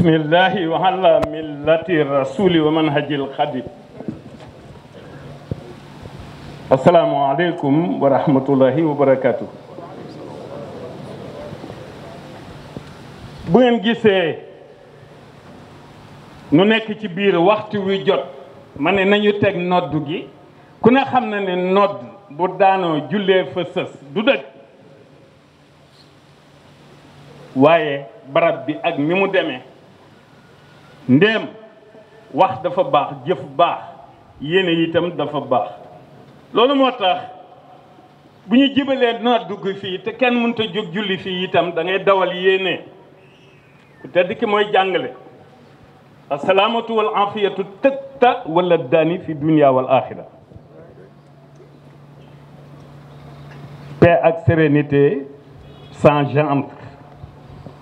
بسم الله وعلى ملة الرسول ومنهج الخديم السلام عليكم ورحمة الله bu ngeen gisee nu nekk ci biir waxtu wi jot ma ne nañu teg nodd gi ku ne xam na ne nodd bu daanoo jullee fa du dëgg waaye barab bi ak mi mu demee ndéem wax dafa baax jëf baax yéene itam dafa baax loolu moo tax bu ñu jibalee naa dugg fii te kenn mënta a jóg julli fii itam dangay dawal yéene te tedd mooy jàngale asalaamatu wal afiyatu tëkta wala daani fi dunia wal axira ak sérénité s'engendrent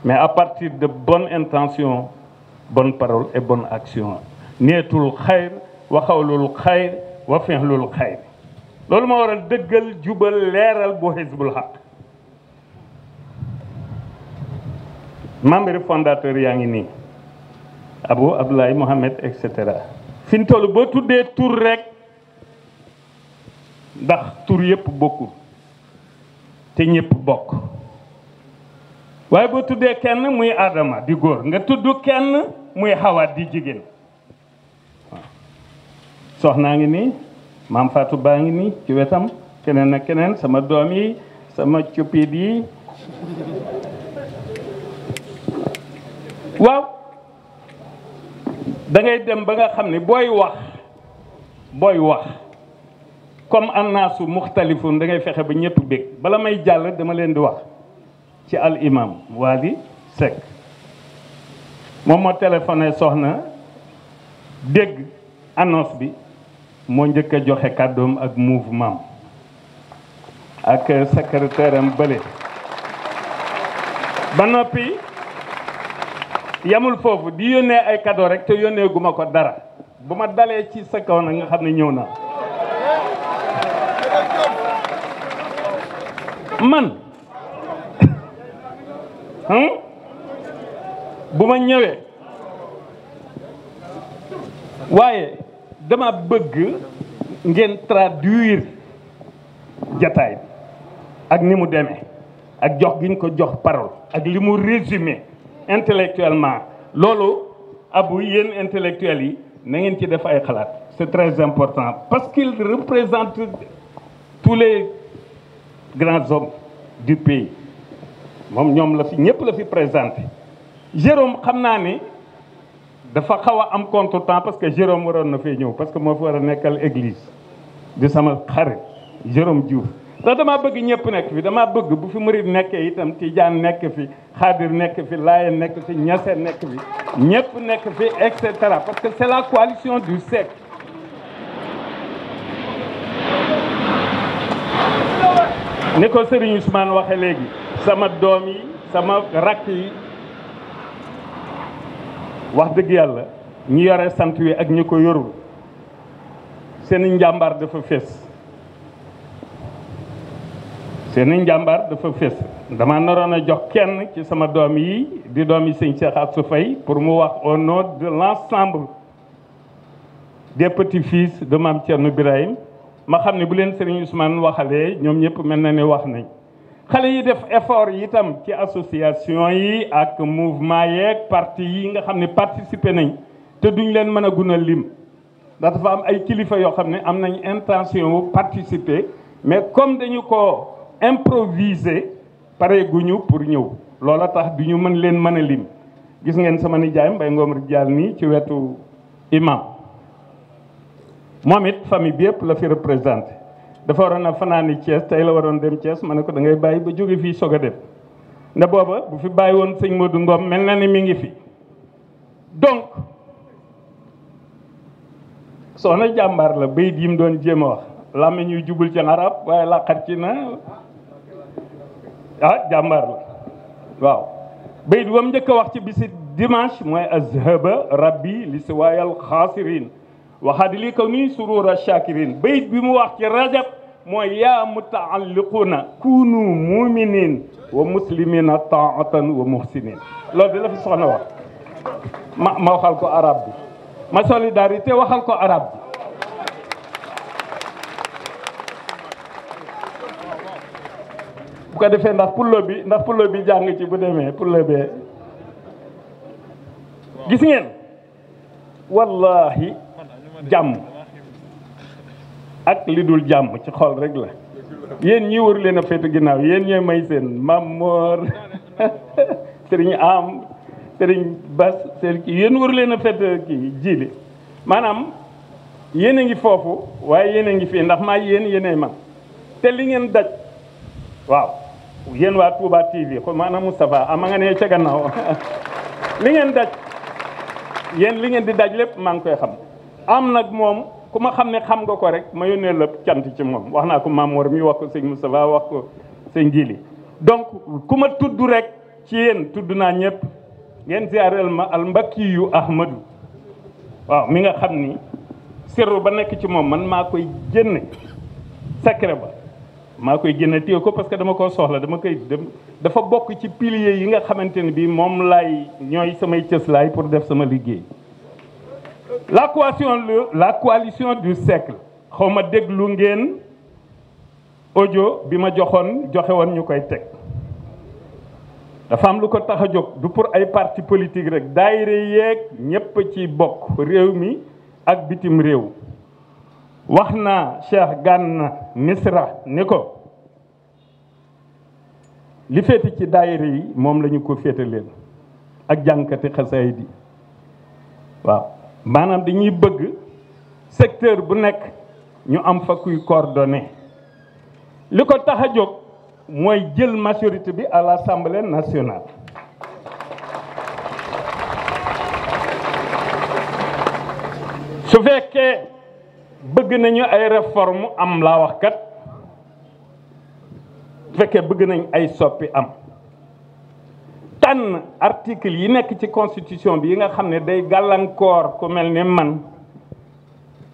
mais à partir de bonnes intentions bon parole et bonne action niyetul xayr wa xawlul xayr wa fi'lul xayr loolu moo waral dëggal jubal leeral bu xisbul xaq membre fondateur yaa ngi nii Abu Abdoulaye Mohamed et cetera fi ñu toll ba tuddee tur rek ndax tur yëpp bokkul te ñëpp bokk waaye boo tuddee kenn muy Adama di góor nga tudd kenn muy Hawa di jigéen soxnaa ngi nii maam Fatou baa ngi nii ci wetam keneen ak keneen sama doom yi sama cuppiit yi waaw dangay dem ba nga xam ne booy wax booy wax comme annaasu muxtalifun dangay fexe ba ñëpp bég bala may jàll dama leen di wax ci al imam Wali Seck moom moo téléphoné soxna dégg annonce bi moo njëkk a joxe kàddoom ak mouvement ak secrétaire am bële ba noppi yamul foofu di yónnee ay cadeau rek te yónnee gu ko dara bu ma dalee ci sa kaw nga xam ne ñëw naa man bu ma ñëwee waaye dama bëgg ngeen traduire jataay ak ni mu demee ak jox giñ ko jox parole ak li mu résumé intellectuellement loolu abu yéen intellectuels yi na ngeen ci def ay xalaat c'est très important parce qu'il représente tous les grands hommes du pays moom ñoom la fi ñëpp la fi présenté Jérôme xam naa ni dafa xaw a am contretemps parce que Jérôme waroon na fee ñëw parce que moo fi war a nekkal église di sama xarit Jérôme Diouf ndax dama bëgg ñëpp nekk fi damaa bëgg bu fi murid nekkee itam tiijaan nekk fi xaadir nekk fi laayen nekk fi ñase nekk fi ñëpp nekk fi et cetera parce que c'est la coalition du siècle ni ko Serigne Ousmane waxe léegi sama doom yi sama rakk yi wax dëgg yàlla ñu yore sant wi ak ñi ko yorul seen njàmbaar dafa fees seen njàmbaar dafa fees dama naroon a jox kenn ci sama doom yi di doom yi sëñ Cheikh Absou Faye pour mu wax au nom de l'ensemble des petits-fils de Mame Thierno Birahim ma xam ne bu leen Serigne Ousmane waxalee ñoom ñëpp mel na ne wax nañ xale yi def effort yi itam ci association yi ak mouvement yeeg parti yi nga xam ne participer nañ te duñ leen mën a gën a lim ndax dafa am ay kilifa yoo xam ne am nañ intention wu participer mais comme dañu ko improviser pare guñu pour ñëw loola tax du ñu mën leen mën a lim gis ngeen sama nijaay Mbaye Ngom Ridial nii ci wetu imam moom it famille bi yëpp la fi représenté dafa waroon a fanaani cees tey la waroon dem cees ma ne ko dangay ngay bàyyi ba jóge fii sog a dem nda booba bu fi bàyyi woon sëñ Modou Ngom mel na ni mu ngi fi donc soxna jàmbar la bay mu doon jéem a wax làmmiñ ñuy jubul ci arab waaye làqat ci na ah jàmbaar la waaw bay di wam njëkk a wax ci bisit dimanche mooy azhaba rabbi li siwaayal xaasirin waxaadi li kaw nii surura shakirin bayit bi mu wax ci rajab mooy yaa mutaalliquuna kunu muminin wa muslimina taatan wa muhsinin loolu di la fi soxna wax ma ma waxal ko arab bi ma solidarité waxal ko arab bi bu ko defee ndax pullo bi ndax pullo bi jàng ci bu demee pullo bee gis ngeen wallahi jàmm ak li dul jàmm ci xool rek la yéen ñi wër leen a féete ginnaaw yéen ñooy may seen Mamor sëriñ am sëriñ Bas sëriñ kii yéen wër leen a féete kii jiili maanaam yéen a ngi foofu waaye yéen a ngi fii ndax maa yéen yéenay man te li ngeen daj waaw yéen waa Touba TV ko maanaam Moustapha ama ah, nga ne ca li ngeen daj yéen li ngeen di daj lépp maa ngi koy xam am nag moom ku ma xam ne xam nga ko rek ma yónnee la cant ci moom wax naa ko Mamour mi wax ko sëñ Moustapha wax ko sëñ Jili donc ku ma tudd rek ci yéen tudd naa ñëpp ngeen ziareel ma al mbakki yu Ahmadou waaw mi nga xam ni sirru ba nekk ci moom man maa koy génne secret ba maa koy génne téye ko parce que dama koo soxla dama koy dem dafa bokk ci pilier yi nga xamante ne bii moom lay ñooy samay cëslaay pour def sama liggéey. la coalition du siècle xaw ma déglu ngeen audio bi ma joxoon joxewoon ñu koy teg dafa am lu ko tax a jóg du pour ay parti politique rek dayre yéeg ñépp ci bokk réew mi ak bitim réew wax naa Cheikh Gana Misra ni ko li féete ci daayira yi moom lañu ñu ko féete leen ak jànkati xasaay di waaw maanaam dañuy bëgg secteur bu nekk ñu am fa kuy coordonné li ko tax a jóg mooy jël majorité bi à l'Assemblée nationale su fekkee bëgg nañu ay réforme am laa wax kat su fekkee bëgg nañ ay soppi am tànn article yi nekk ci constitution bi yi nga xam ne day gàllankoor ku mel ni man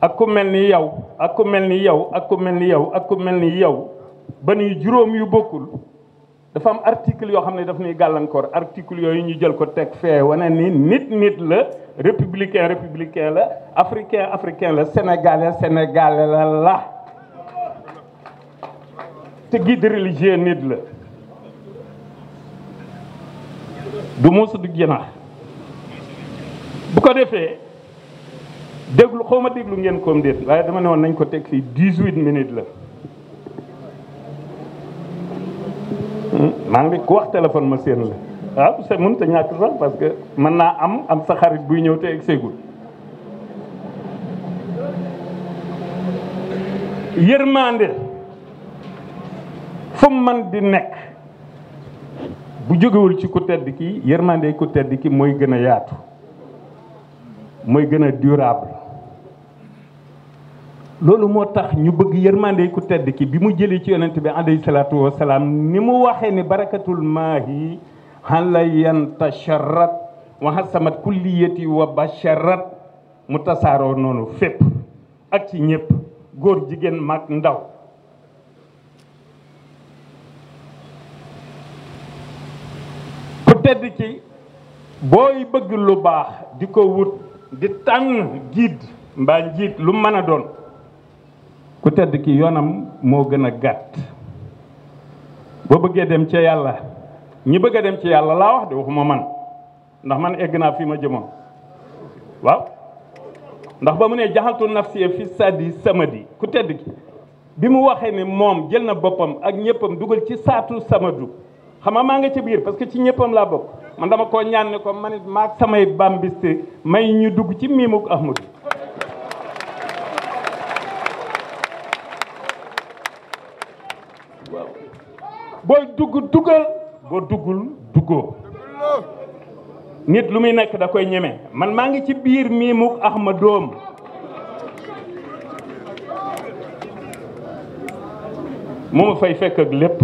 ak ku mel ni yow ak ku mel ni yow ak ku mel ni yow ak ku ni yow ba nuy juróom yu bokkul dafa am article yoo xam ne daf ñuy gàllankoor article yooyu ñu jël ko teg fee wane ni nit nit la républicain républicain la africain africain la sénégalais sénégalais la la te guide religieux nit la du muusa du jinaar bu ko defee déglu xaw ma déglu ngeen koom déet waaye dama ne woon nañ ko teg fii dix-huit minutes la hmm? maa ngi ku wax téléphone ma seen la waaw ah, c'est mënut a ñàkk sax parce que mën naa am am sa xarit buy ñëw te egg seegul yërmande fu man di nekk bu jógewul ci ku tedd ki yërmande ku tedd ki mooy gën a yaatu mooy gën a durable loolu moo tax ñu bëgg yërmande ku tedd ki bi mu jëlee ci yonent bi alayhi salaatu wasalaam ni mu waxee ni barakatul maahi xalay yantasharat wa hasamat kulliyati wa basharat mu tasaaroo noonu fépp ak ci ñëpp góor jigéen mag ndaw tedd ki booy bëgg lu baax di ko wut di tànn giid mbaa njiit lu mën a doon ku tedd ki yoonam moo gën a gàtt boo bëggee dem ca yàlla ñi bëgg a dem ci yàlla laa wax de waxuma man ndax man egg naa fi ma jëmoon waaw ndax ba mu ne jaxaltu nafsi fi sadi samadi ku tedd ki bi mu waxee ne moom jël na boppam ak ñëppam dugal ci saatu samadu xam nga maa ngi ci biir parce que ci ñëppam laa bokk man dama koo ñaan ne ko man it maag samay bambiste may ñu dugg ci miimuk Ahmadu waaw booy dugg boo duggul duggoo nit lu muy nekk da koy ñeme man maa ngi ci biir miimuk Ahmadoom mu fay fekk ak lépp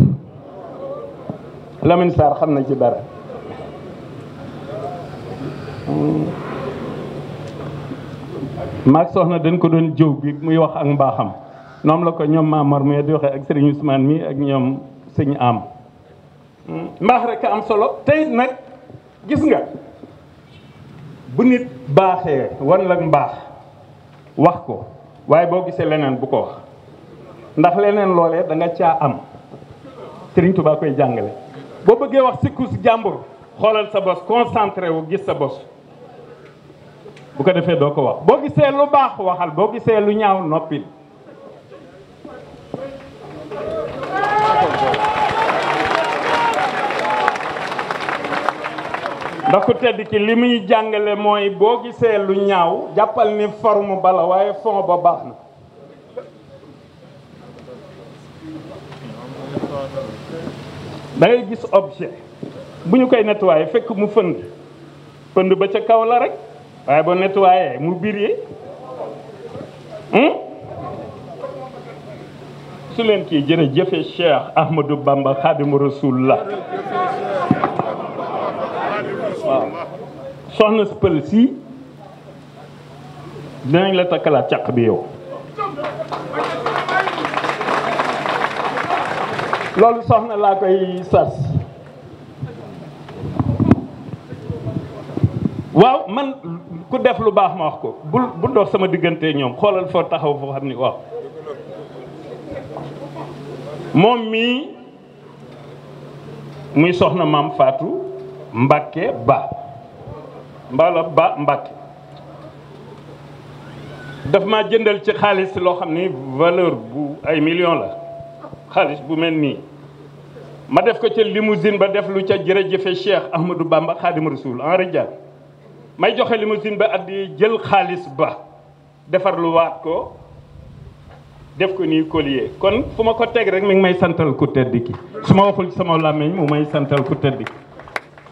Lamine Sarr xam na ci dara maag soxna dañ ko doon jëw bi muy wax ak mbaaxam noom la ko ñoom Mamar mi di waxee ak Serigne Ousmane mii ak ñoom sëñ am mbaax rekk am solo tey nag gis nga bu nit baaxee wan la mbaax wax ko waaye boo gisee leneen bu ko wax ndax leneen loolee danga nga caa am Serigne Touba koy jàngale boo bëggee wax sikku si jàmbur xoolal sa bos concentré wu gis sa bos bu ko defee doo ko wax boo gisee lu baax waxal boo gisee lu ñaaw noppil ndax ku tedd ki li muy jàngale mooy boo gisee lu ñaaw jàppal ni forme bala waaye fond ba baax na da ngay gis objet bu ñu koy nettoyé fekk mu fënd fënd ba ca kaw la rek waaye boo nettoyé mu biir hmm? su leen kii jërëjëfe Cheikh Ahmadou Bamba Xaadimu Rasul la waaw soxna si pël si dinañ la takkalaat càq bi yow loolu soxna laa koy sas waaw man ku def lu baax ma wax ko bul bu dox sama diggante ñoom xoolal foo taxaw foo xam ni waaw moom mii muy soxna maam faatu Mbacke Ba mbala Ba Mbacke daf maa jëndal ci xaalis loo xam ni valeur bu ay million la xaalis bu mel nii ma def ko ca limousine ba def lu ca jërëjëfe Cheikh Ahmadou Bamba Khadim Rasoul en radial may joxe limousine ba addi jël xaalis ba defar lu waat ko def ko nii collier kon fu ma ko teg rek mi ngi may santal ku tedd ki su ma waxul sama làmmiñ mu may santal ku tedd ki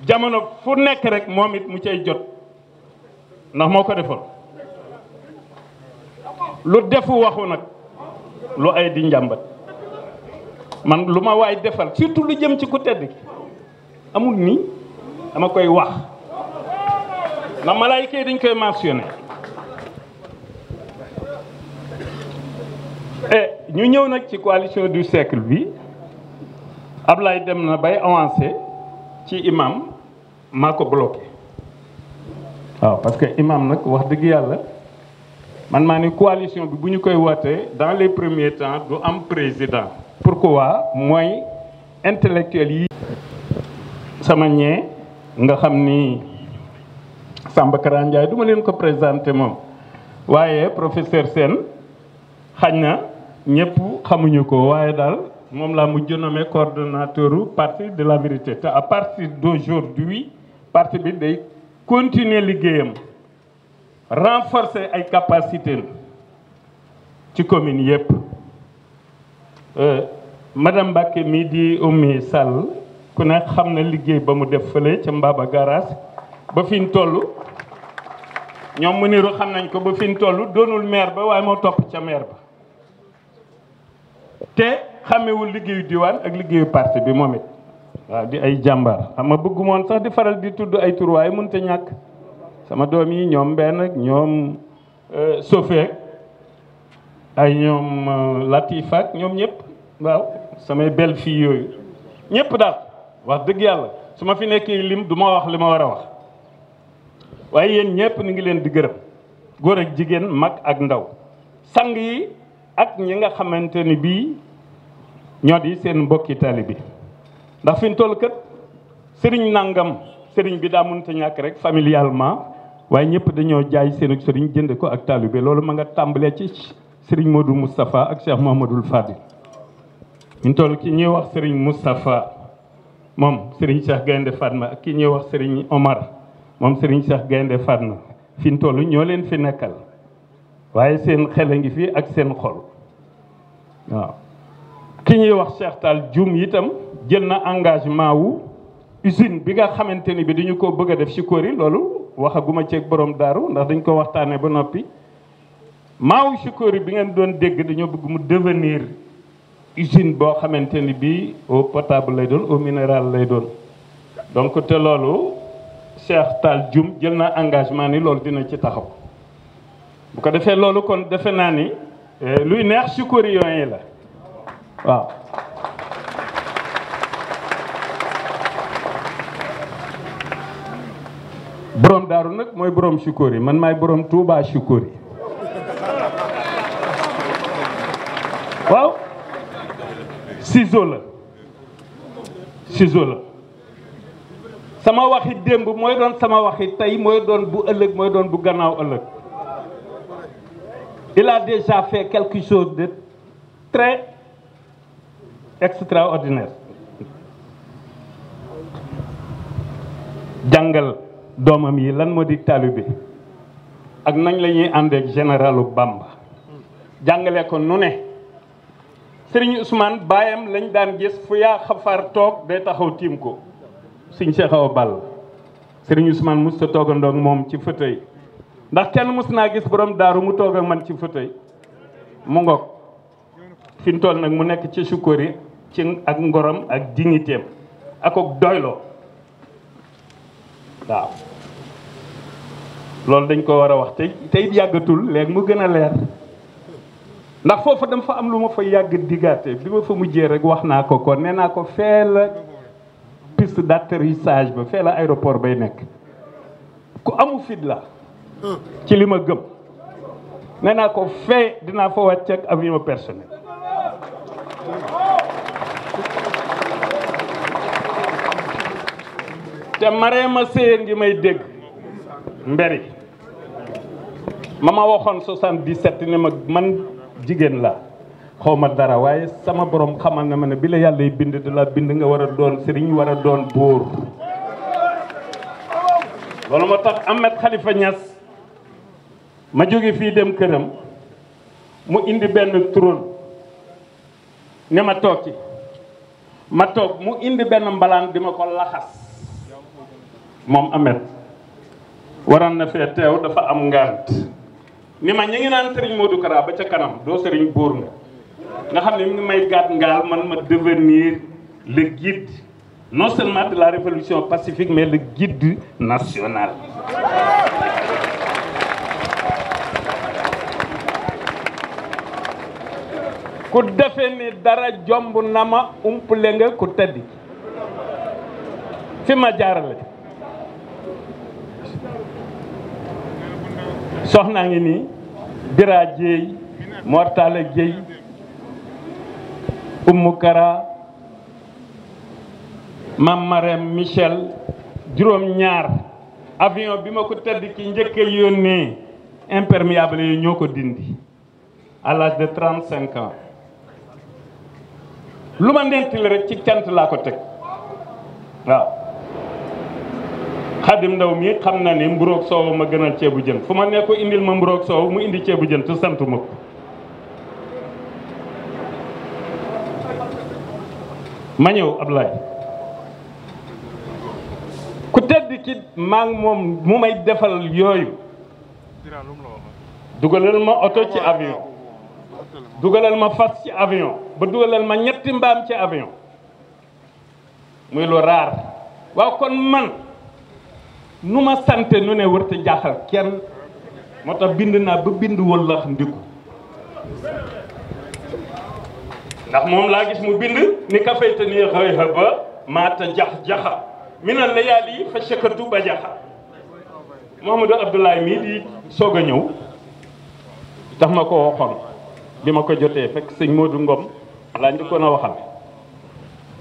jamono fu nekk rek moom it mu cay jot ndax moo ko defoon lu defu waxu nag lu ay di njàmbat man lu ma waay defal surtout lu jëm ci ku tedd ki amul nii dama koy wax ndax malaayika yi dañ koy mentionné e ñu ñëw nag ci coalition du siècle bi Ablaye dem na bay avancé ci imam maa ko bloqué waaw parce que imam nag wax dëgg yàlla man maa ni coalition bi bu ñu koy wootee dans les premiers temps du am président pourquoi mooy intellectuel yi sama ñee nga xam ni Samba Kara leen ko présenté moom waaye professeur seen xañ na ñëpp xamuñu ko waaye daal moom laa mujj nommé coordonnateur parti de la vérité te à partir d'aujourd'hui parti bi day continuer liggéeyam renforcer ay capacités ci commune yëpp Euh, madame Mbacke mii di Oumy Sall ku ne xam na liggéey ba mu def fële ca Mbaba garage ba fi ñu toll ñoom mu niru xam nañ ko ba fi ñu toll doonul maire ba waaye moo topp ca maire ba te xàmmewul liggéeyu diwaan ak liggéeyu parti bi moom it waaw di ay jàmbar xam nga bëggu moon sax di faral di tudd ay tur waaye mënut a ñàkk sama doom yi ñoom benn ak ñoom euh, Sofeek ay ñoom euh, Latif ñoom ñëpp waaw samay bel fii yooyu ñëpp daal wax dëgg yàlla su ma fi nekkee lim du ma wax li ma war a wax waaye yéen ñëpp ni ngi leen di gërëm góor ak jigéen mag ak ndaw sang yi ak ñi nga xamante ni bii ñoo di seen mbokki taali bi ndax fi ñu sëriñ nangam sëriñ bi daa mënta ñàkk rek familialement waaye ñëpp dañoo jaay seen sëriñ jënd ko ak taalibe loolu ma nga tàmbalee ci sëriñ Modou Moustapha ak Cheikh Mouhamadoul Fadil ñu toll ki ñuy wax sëriñ Moustapha moom sëriñ sax Gaynde Fatma ak ñuy wax sëriñ Omar moom sëriñ Cheikh Gaynde Fatma fi ñu toll ñoo leen fi nekkal waaye seen xel a ngi fii ak seen xol waaw ki ñuy wax Cheikh jum yitam jël na engagement wu usine bi nga xamante ni bi dañu ko bëgg a def ci Sikori loolu waxaguma ceeg borom daaru ndax dañ ko waxtaanee ba noppi maawu Sikori bi ngeen doon dégg dañoo bëgg mu devenir usine boo xamante ni bii eau potable lay doon eau minérale lay doon donc te loolu Cheikh Tall Dioum jël na engagement ni loolu dina ci taxaw bu ko defee loolu kon defe naa ni eh, luy neex sukoriyon yi la waaw borom daaru nag mooy borom sukori man maay borom Touba sukori ciseau la ciseau sama waxi démb mooy doon sama waxi tey mooy doon bu ëllëg mooy doon bu gannaaw ëllëg il a déjà fait quelque chose de très extraordinaire jàngal doomam yi lan moo di taalibe ak nañ la ñuy àndeek généralu Bamba jàngale ko nu ne sëriñ Ousmane baayam lañu daan gis fu yaa xafaar toog day taxaw tiim ko sëriñ Cheikh Awa Balla sëriñ Ousmane mos ta toogandoo ak moom ci fauteuil ndax kenn mos naa gis borom daaru mu toog man ci fauteuil mu ngoog fi mu nag mu nekk ci sukkori ci ak ngorom ak dignitéem ak ak doyloo waaw loolu dañ ko war a wax te tey yàggatul léegi mu gën a leer ndax foofu dama fa am lu ma fa yàgg diggaate bi ma fa mujjee rek wax naa ko ko nee naa ko fee la piste d'atterrissage ba fee la aéroport bay nekk ku amu fit la ci li ma gëm nee naa ko fee dinaa fa wàcc ak avion personnel te Marème Sèye ngi may dégg mberi ma ma waxoon 77 ne ma man jigéen la xaw ma dara waaye sama borom xamal na ma ne bi la yàlla bind di la bind nga war a doon sëriñ war a doon buur loolu moo tax Ahmed Khalifa Niass ma jóge fii dem këram mu indi benn trône ne ma toog ci ma toog mu indi benn mbalaan di ma ko laxas moom Ahmed waroon na fee teew dafa am ngant ni ma ñu ngi naan Serigne Modou Kara ba ca kanam doo Serigne Bour nga nga xam ne mi ngi may gàtt ngaal man ma devenir le non seulement de la révolution pacifique mais le guide ku defee ni dara jomb na ma umpale nga ku tëdd fi ma jaarale. soxnaa ngi nii Bira Dieye Mor Talla Dieye Oumou Kara Mam Marème juróom ñaar avion bi ma ko tëdd ki njëkk yoon yónnee imperméable yi ñoo ko dindi à l'âge de 35 ans lu ma ndent rek ci cant laa ko teg waaw xadim ndaw mi xam na ni mburoog soow ma gënal ceebu jën fu ma ne ko indil ma mburoog soow mu indi ceebu jën te sant ma ko ma ñëw Ablaye ku tedd ki maa moom mu may defal yooyu dugalal ma oto ci avion dugalal ma fas ci avion ba dugalal ma ñetti mbaam ci avion muy lu raar waaw kon man nu ma sante nu ne wërta jaaxal kenn moo tax bind naa ba bind wëllax ndiku ndax moom laa gis mu bind ni ka fayta ni xëy ba maata jax jaxa mi na yi fa cëkkatu ba jaxa Mouhamadou Abdoulaye mii di soog a ñëw tax ma ko waxoon bi ma ko jotee fekk sëñ Modou Ngom laa njëkkoon a waxal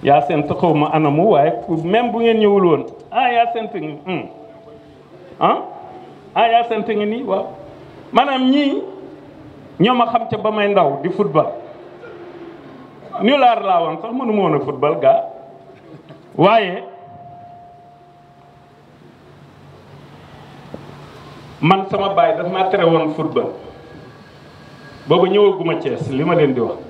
yaa sent xaw ma anamu waaye même bu ngeen ñëwul woon ah yaa sent ah ah yaa sant nga nii waaw maanaam ñii ñoo ma xam ca ba may ndaw di football ñu laar laa woon sax mënu ma woon a football gaa waaye man sama baay daf maa tere woon football boobu ñëwaguma Thiès li ma leen di wax.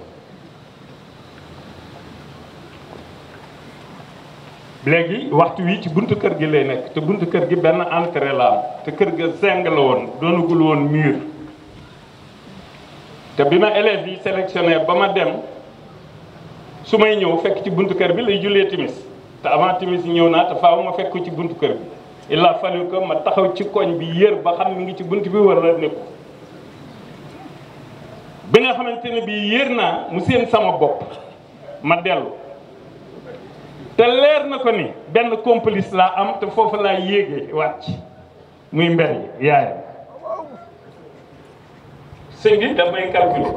léegi waxtu wi ci buntu kër gi lay nekk te buntu kër gi benn entrée la am te kër ga zeng woon doonagul woon mur te bi ma élèves yi sélectionné ba ma dem su may ñëw fekk ci buntu kër bi lay jullee timis te avant timis ñëw naa te faaw ma fekk ci buntu kër bi il a fallu que ma taxaw ci koñ bi yër ba xam mi ngi ci bunt bi wala nekku bi nga xamante ne bii yër naa mu seen sama bopp ma dellu te leer na ko ni benn complice laa am te foofu laa yéegee wàcc muy mber yi yaayam sëñ bi damay calculer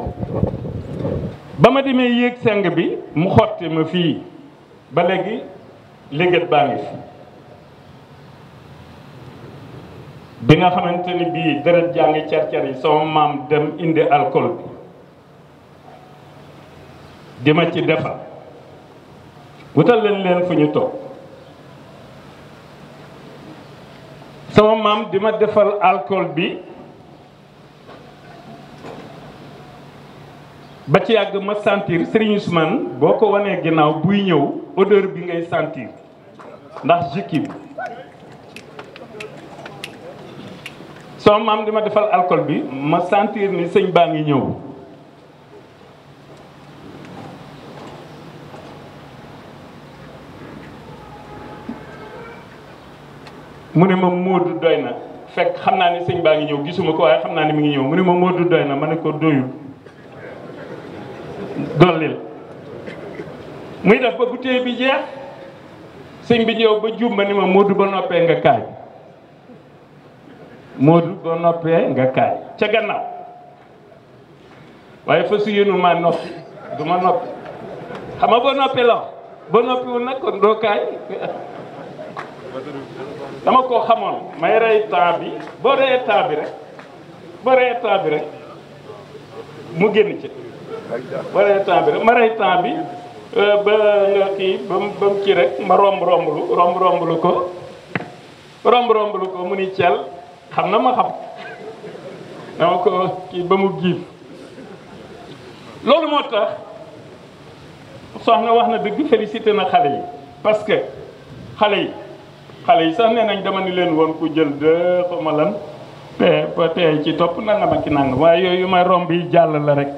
ba ma demee yéeg seng bi mu xotti ma fii ba léegi légët baa ngi fi bi nga xamante ni bii deret jaa ngi cer yi sama maam dem indi alcool bi di ma ci defal wutal leen leen fu ñu toog sama maam di ma defal alkool bi ba ci yàgg ma sentir Serigne sman boo ko wanee ginnaaw buy ñëw odeur bi ngay sentir ndax jikki bi sama maam di ma defal alcool bi ma sentir ni sëñ baa ngi ñëw mu ne ma Modou doy na fekk xam naa ne sëñ baa ngi ñëw gisuma ko waaye xam naa ne mi ngi mun mu ne ma na ma ne ko doyul dollil muy def ba bouteille bi jeex sëñ bi ñëw ba jub ma ni ma Modou ba noppee nga kay Modou ba noppee nga kaay ca gannaaw waaye fa su yéenu maa noppi du ma noppi xam nga boo noppee la boo noppiwul nag kon doo kaay dama ko xamoon may rey taa bi ba rey taa bi rek ba rey taa bi rek mu génn ci ba rey taa bi rek ma rey taa bi euh, ba nga kii ba mu ba rek ma romb romb romblu ko romb romblu ko mu ni cel xam na ma xam dama ko kii ba mu giif loolu moo tax soxna wax na dëgg félicité na xale yi parce que xale yi xale yi sax nee nañ dama ni leen woon ku jël de xaw ma lan te ci topp nangam ak ki nangam waaye yooyu may romb yi jàll la rek.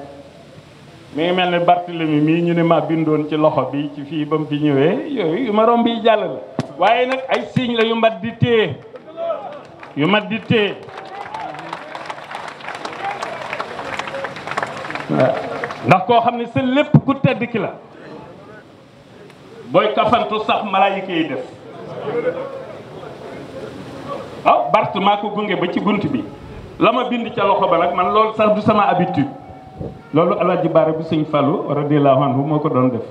mi ngi mel ne Barthélemy mii ñu ne ma bindoon ci loxo bi ci fii ba mu fi ñëwee yooyu yu ma romb yi jàll la waaye nag ay signe la yu mat di téye yu mat di téye ndax koo xam ne sa lépp ku tedd ki la booy kafantu sax malaayika yi def waaw oh, Bart maa ko gunge ba ci bunt bi la ma bind ca loxo ba nag man lool sax du sama habitude loolu Alaaji Baare bu sëñ Fallou radiyallahu anhu moo ko doon def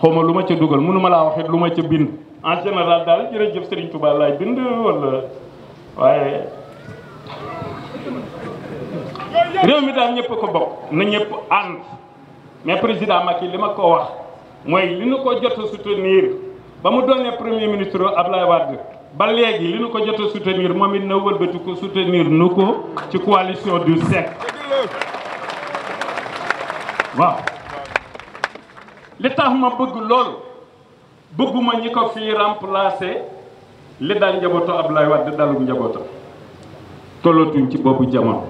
xaw ma lu ma ca dugal mënu laa waxit lu ma ca bind en général daal jërëjëf Serigne Touba laay bind wala waaye réew mi daal ñëpp ko bokk na ñëpp ànd mais président Macky li ma ko wax mooy li nu ko jot a soutenir ba mu doonee premier ministre Abdoulaye Wade ba léegi li nu ko jot a soutenir moom na wëlbati ko soutenir nu ko ci coalition du sec waaw li tax ma bëgg loolu bëgguma ñi ko fi remplacer li dal njabootu Abdoulaye Wade dalum njabootam tollatuñ ci boobu jamono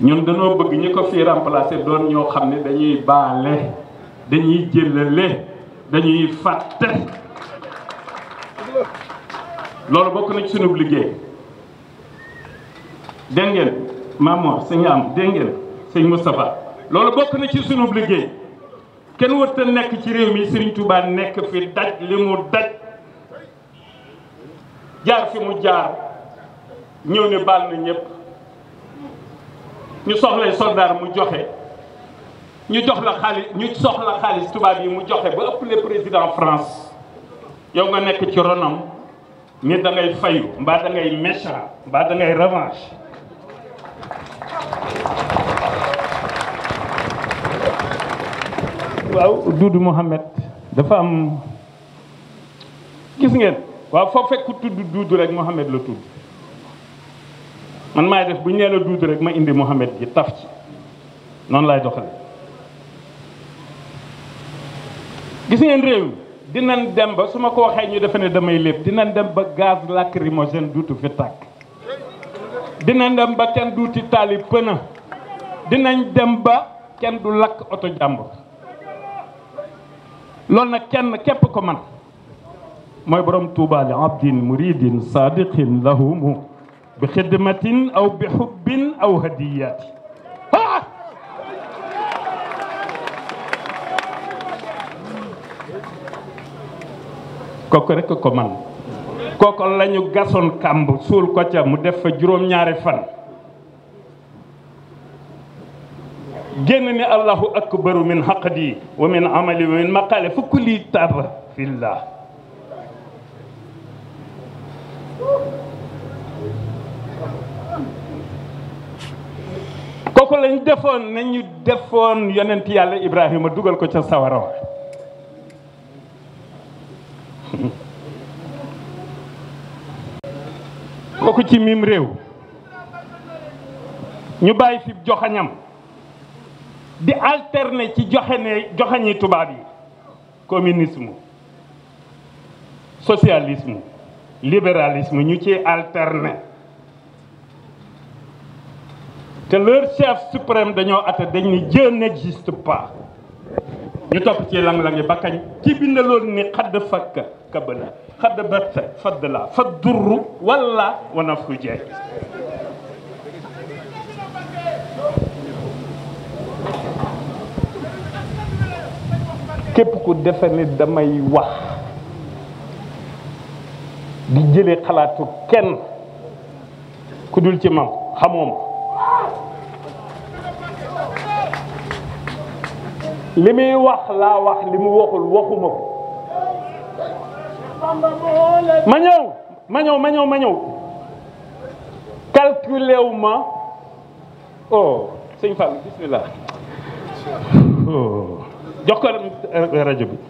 ñun dañoo bëgg ñi ko fi remplacer doon ñoo xam ne dañuy baale dañuy jëlale dañuy fàtte loolu bokk na ci sunu liggéey dégg ngeen Mamour sëñ am dégg ngeen loolu bokk na ci sunu liggéey kenn wër nekk ci réew mi Serigne Touba nekk fi daj li mu daj jaar fi mu jaar ñëw ne baal na ñëpp ñu soxlay soldaar mu joxe. ñu jox la xaalis ñu soxla xaalis tubaab yi mu joxe ba ëpp le président France yow nga nekk ci ronam ni dangay ngay fayu mbaa da ngay méchant mbaa da ngay revanche waaw Doudou Mohamed dafa am gis ngeen waaw foo fekk tudd Doudou rek Mohamed la tudd man maay def bu ñu nee la Doudou rek ma indi Mohamed ji taf ci noonu laay doxale gis ngeen réew dinañ dem ba su ma ko waxee ñu defe ne damay lépp dinañ dem ba gaz lacrymogène duutu fi tàkk dinañ dem ba kenn duuti taali pëna dinañ dem ba kenn du lakk oto jàmbur loolu nag kenn képp ko man mooy boroom tuuba li abdin muridin sadiqin lahumu bi xidmatin aw bi xubbin aw hadiyati kooku rek ko man kooku la gasoon kàmb suul ko ca mu def fa juróom-ñaari fan génn ni allahu akbaru min haqdi wa min amali wa min maqale fa kulli taba fillah kooku lañ defoon nañu defoon yonent yàlla ibrahima dugal ko ca sawara kooku ci miim réew ñu bàyyi fi joxañam di alterner ci joxene joxañi tubaab yi communisme socialisme libéralisme ñu ci alterné te leur chef suprême dañoo atte dañ ni Dieu n'existe pas ñu topp ci lang-lang yi ba kañ bindaloon ni xadd fakka kabala xadd batta fadd la fa durru wala wanafu jeey képp ku defe ni damay wax di jële xalaatu kenn ku dul ci mam xamuma li muy wax laa wax li mu waxul waxuma ko ma ñëw ma ñëw ma ñëw ma ñëw calculé ma oh sëñ Fall bismillah oh, jox ko rajo bi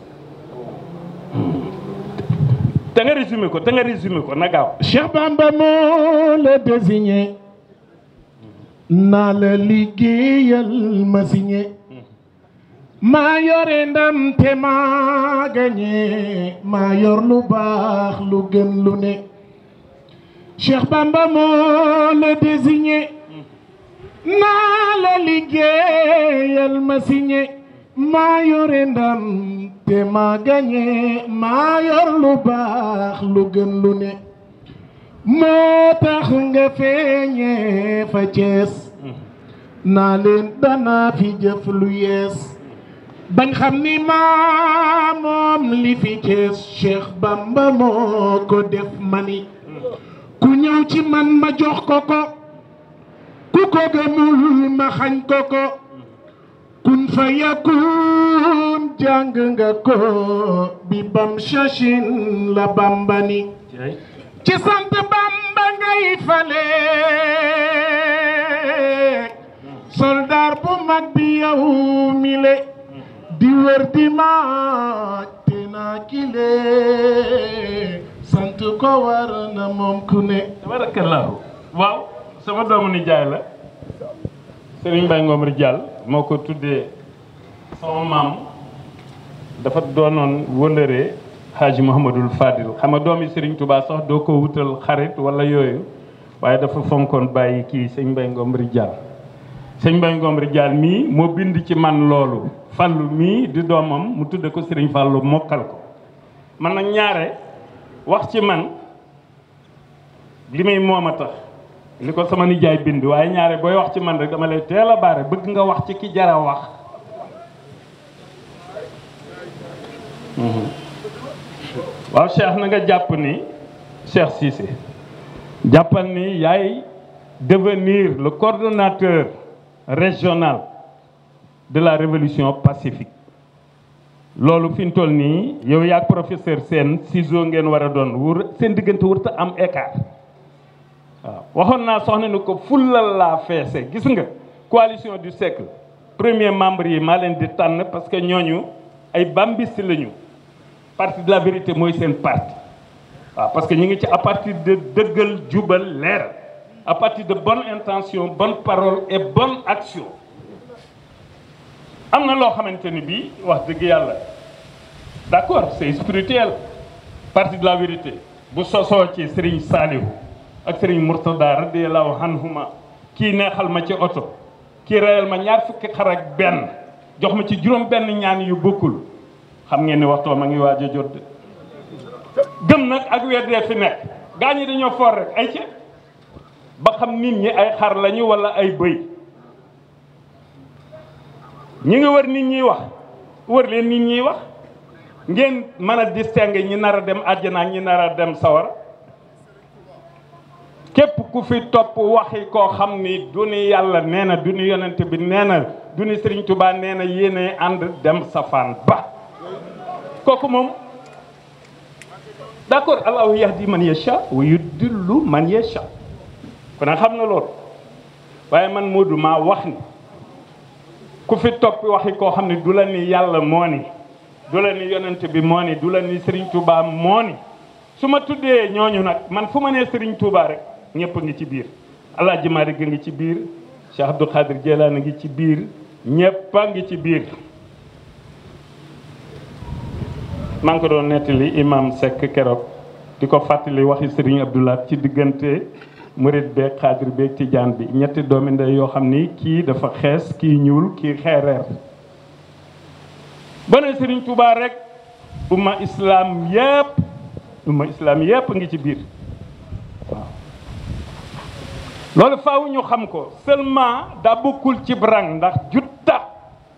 résumé ko te résumé ko na gaaw Cheikh Bamba la désigné naa la liggéeyal ma maa yore ndam te maa gañe maa yor lu baax lu gën lu ne Cheikh Bamba la désigné naa la liggéeyal ma signé maa yore ndam te maa gañe maa yor lu baax lu gën lu ne moo tax nga feeñee fa Cees mm. naa leen danaa fi jëf lu yees bañ xam ni maa moom li fi Cees Cheikh Bamba moo ko def mani ku ñëw ci man ma jox ko ko ku ko gëmul ma xañ ko ko kun fa yakun jàng nga ko bi bam shashin la Bamba ni ci sant Bamba ngay fale soldaar bu mag bi yow mi le wër di maaj dinaa kilee sant ko war na moom ku ne tabarakallahu waaw sama doomu nijaay la Serigne Mbaye Ngom Ridial moo ko tuddee sama maam dafa doonoon wëllëree Haji Mouhamadul Fadil xam nga doomi Serigne Touba sax doo ko wutal xarit wala yooyu waaye dafa fonkoon bàyyi kii Serigne Mbaye Ngom Ridial sëñ Mbaye Ngom Rijaal mii moo bind ci man loolu fàllu mii di doomam mu tudde ko sëriñ fàllu mokkal ko man nag ñaare wax ci man li muy moom a tax li ko sama nijaay bind waaye ñaare booy wax ci man rek dama lay teel a baare bëgg nga wax ci ki jara wax mhm. waaw Cheikh na nga jàpp ni Cheikh Cissé jàppal ni yaay devenir le coordonnateur régionale de la révolution pacifique loolu fi ñu toll nii yow yaag professeur seen ciseau ngeen war a doon wur seen diggante wurta am écart waaw waxoon naa soxna ni ko fulal laa feese gis nga coalition du siècle premier membre yi maa leen di tànn parce que ñooñu ay bambis lañu parti de la vérité mooy seen parti waaw parce que ñu ngi ci à partir de dëggal jubal leer à partir de bonnes intentions bonnes paroles et bonnes actions am na loo xamante ni bii wax dëgg yàlla d'accord c'est spirituel parti de la vérité bu sosoo ci Serigne Saliou ak Serigne Mourtada radiyallahu anhuma kii neexal ma ci oto kii reyal ma ñaar fukki xar ak benn jox ma ci juróom benn ñaan yu bokkul xam ngeen ni waxtoo ma ngi waaj a jot de gëm nag ak weer dee fi nekk gaa ñi dañoo for rek ay ci ba xam nit ñi ay xar lañu walla ay bëy ñi ngi wër nit ñiy wax wër leen nit ñiy wax ngeen mën a distinguer ñi nar a dem àjjana ak ñi nar a dem sawara képp ku fi topp waxi koo xam ni du yàlla nee na du yonent bi nee na du ni Sëriñ nee na yéene ànd dem safaan ba kooku moom d'accord allahu yahdi man yasha wa yudillu man yasha ku ne xam na loolu waaye man Modou maa wax ni ku fi toppi waxi koo xam ne du la ni yàlla moo ni du la ni yonent bi moo ni du la ni sëriñ Touba moo ni su ma tuddee ñooñu nag man fu ma nee Serigne tuubaa rek ñépp ngi ci biir Alaaji Maalik a ngi ci biir Cheikh Abdou Khadir Jeylaani ngi ci biir ñëpp a ngi ci biir maa ngi ko doon nettali imam Seck keroog di ko fàttali waxi Serigne Abdoulaye ci diggante murit beeg xaadir beeg tijaan bi ñetti doomi ndey yoo xam ni kii dafa xees kii ñuul kii xeereer ba ne Sëriñ Tuubaa rek umma islaam yépp umma islaam yépp ngi ci biir waaw loolu faaw ñu xam ko seulement daa bokkul ci brang ndax jutta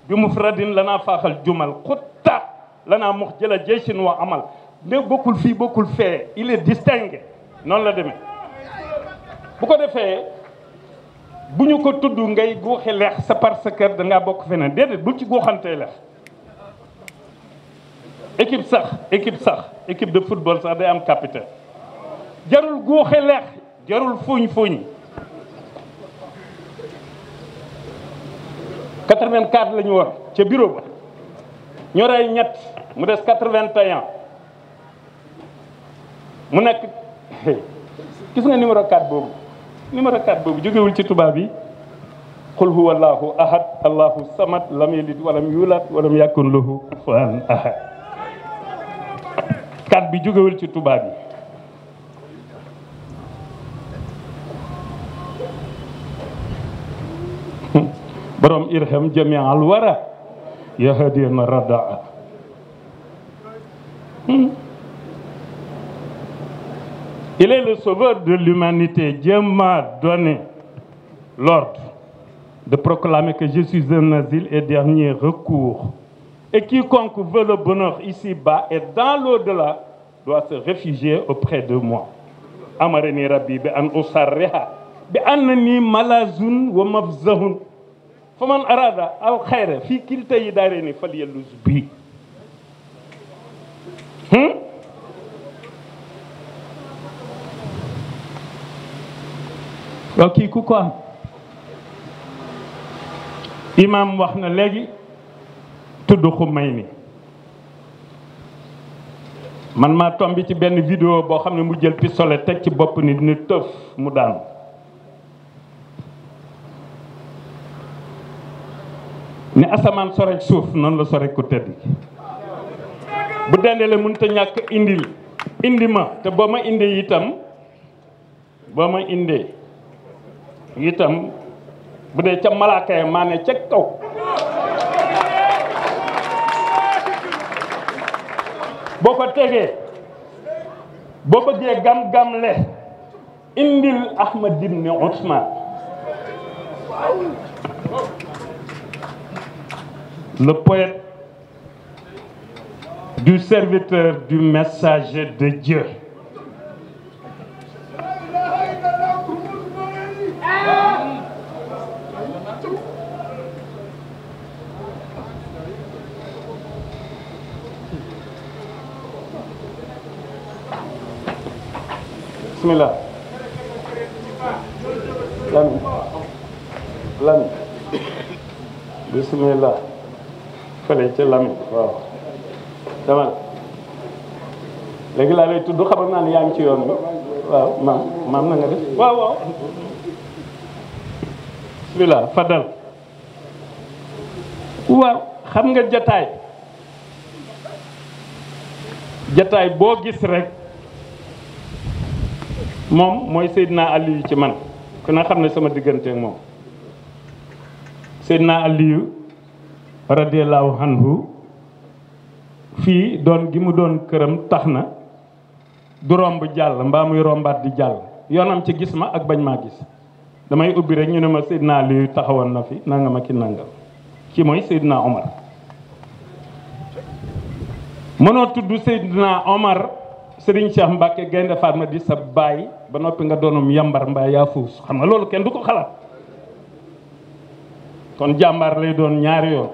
bi mufradin lanaa faaxal jumal xutta lanaa mux jëla jeysin wa amal ne bokkul fii bokkul fee il est noonu la demee bu ko defee bu ñu ko tudd ngay guuxi leex sa parce que dangaa bokk feneen déedéet bul ci guuxantee leex équipe sax équipe sax équipe de football sax day am capitaine jarul guuxi leex jarul fuñ fuñ 84 la ñu war ca bureau ba ñu rey ñett mu des 81 mu nekk gis nga numéro 4 boobu numéro 4 boobu jógewul ci tubaab yi qul huwa allahu ahad allahu samad lam yalid walam yulad walam yakun lahu kufuwan ahad 4 bi jógewul ci tubaab yi borom irham jami al wara yahadina radaa Il est le sauveur de l'humanité. Dieu donné l'ordre de proclamer que je suis un asile et dernier recours. Et quiconque veut le bonheur ici-bas et dans l'au-delà doit se réfugier auprès de moi. amarani rabbi bi an usarriha bi annani malazun wa mafzahun arada al khayra fi kilta yi daareni waaw kii ku ko am imaam wax na léegi tudd xumay ni man maa tombi ci benn vidéo boo xam ne mu jël pistolet teg ci bopp nit ni tëf mu daanu ni asamaan sorek suuf noonu la sorek ku tëdd bu dendale mënut a ñàkk indi indi ma te boo ma indee itam boo ma indee itam bu dee ca malaaka ya maa ne ca kaw boo ko tegee boo bëggee gam-gam le indil Ahmad ibn Ousmane le poète du serviteur du messager de Dieu bismillah Lamine Lamine bismillah fële ca Lamine waaw dama léegi laa lay tudd xamal naa ne yaa ci yoon bi waaw maam maam na nga def waaw waaw bismillah fadal waaw xam nga jataay jataay boo gis rek moom mooy Seydina Aliyu ci man ku na xam ne sama diggante ak naa Seydina Aliyu radiyallahu anhu fii doon gi mu doon këram tax na du romb jàll mbaa muy rombaat di jàll yoonam ci gis ma ak bañ maa gis damay ubbi rek ñu ne ma Seydina Aliyu taxawoon na fi nangam ak ki nangam ki mooy Seydina Omar mënoo tudd Seydina Omar Serigne Cheikh Mbacke Gaynde Fatma di sa baay ba noppi nga doonum yambar mbaa yaa fuus xam nga loolu kenn du ko xalaat kon jàmbaar lay doon ñaari yoon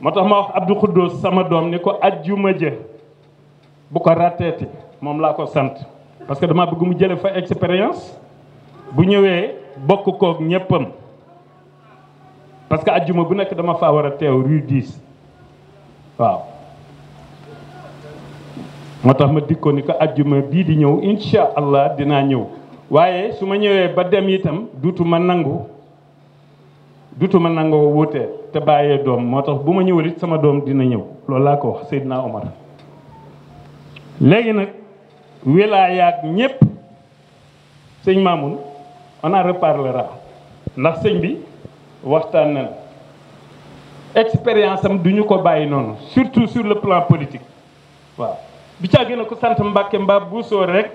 moo tax ma wax Abdou Khoudous sama doom ni ko ajjuma jë bu ko rateeti moom laa ko sant parce que dama bëgg mu jële fa expérience bu ñëwee bokk koog ñëppam parce que ajjuma bu nekk dama faa war a teew rue 10 waaw moo tax ma dikkoon ni ko ajjuma bii di ñëw incha allah dinaa ñëw waaye su ma ñëwee ba dem itam duutuma nangu ma nangoo wuute te bàyyee doom moo tax bu ma ñëwal it sama doom dina ñëw loolu laa ko wax naa Omar léegi nag wilaayaat ñépp sëñ Mamoun on en reparlera ndax sëñ bi waxtaan nañ expérience am du ko bàyyi noonu surtout sur le plan politique waaw du caagi na ko sant Mbàkke mbaa buusoo rek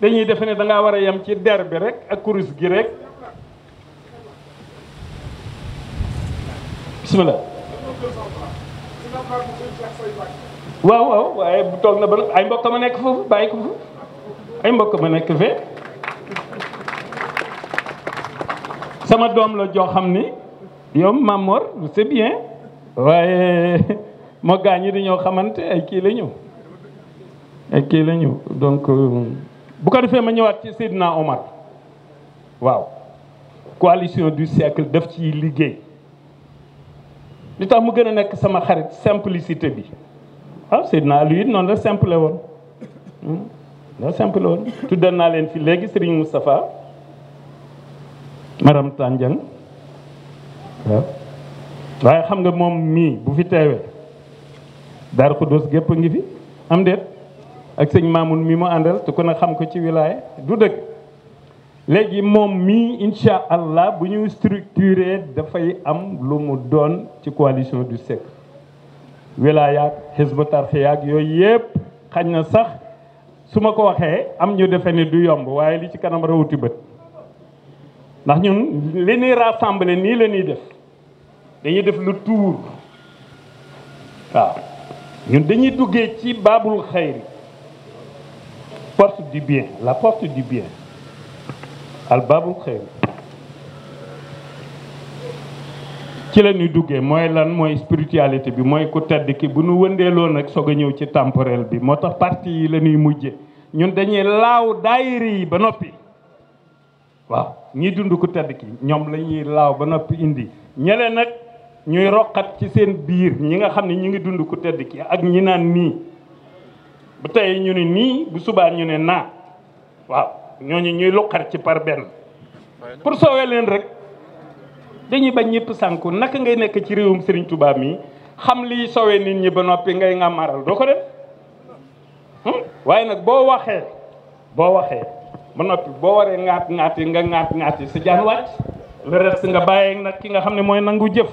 dañuy defe ne da war a yem ci der bi rek ak kurus gi rek bismillah waaw waaw waaye toog na ba ay mbokk ma nekk foofu bàyyi ay mbokk ma nekk fee sama doom la joo xam ni yow Mamor c'est bien waaye moo gaañi dañoo xamante ay kii la ñu kii la ñu donc euh, bu ko defee ma ñëwaat ci naa Omar waaw coalition du siècle daf ci liggéey li tax mu gën a nekk sama xarit simplicité bi waaw ah, Seydina naa it noonu la simple woon hmm? la simple woon tuddal naa leen fi léegi Serigne Moustapha madame Tandiang waaw waaye xam nga moom mii bu fi teewee Daaru Xuddoos gépp a ngi fi am déet ak sëñ Mamoun mi mu àndal te kon a xam ko ci wilaaya du dëgg léegi moom mii incha allah bu ñu structuré dafay am lu mu doon ci coalition du sec wilaaya ak xisbu ak yooyu yëpp xañ na sax su ma ko waxee am ñu defe ne du yomb waaye li ci kanam rawuti bët ndax ñun li ñuy rassemblé nii leen ñuy def dañuy def lu tuur waaw ñun dañuy duggee ci baabul xayri porte du bien, la porte du bien. Al-Babul Khayr ci la ñuy duggee mooy lan mooy spiritualité bi mooy ku tedd ki bu ñu wëndeeloon nag soog a ñëw ci temporel bi moo tax parti yi la ñuy ñun dañuy laaw daayira yi ba noppi waaw ñi dund ku tedd ki ñoom la ñuy laaw ba noppi indi ñële nag ñuy roqat ci seen biir ñi nga xam ne ñu ngi dund ku tedd ki ak ñi naan nii bu tey ñu ne nii bu subaa ñu ne naa waaw ñooñu ñuy luqar ci par benn pour soowee leen rek dañuy bañ ñëpp sànku naka ngay nekk ci réewum Serigne tubaab mi xam lii soowee nit ñi ba noppi ngay nga maral doo ko def hmm? waaye nag boo waxee boo waxee ba noppi boo waree ŋaat ŋaati nga ŋaat ŋaati sa jaan wàcc le reste nga bàyyee nag ki nga xam ne mooy nangu jëf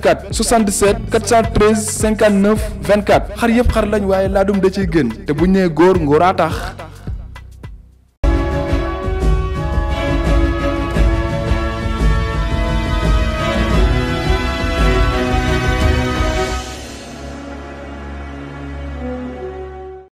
24 77 413 59 24 xar yëpp xar lañ waaye laa dum da ciy gën te bu ñu góor ngóoraa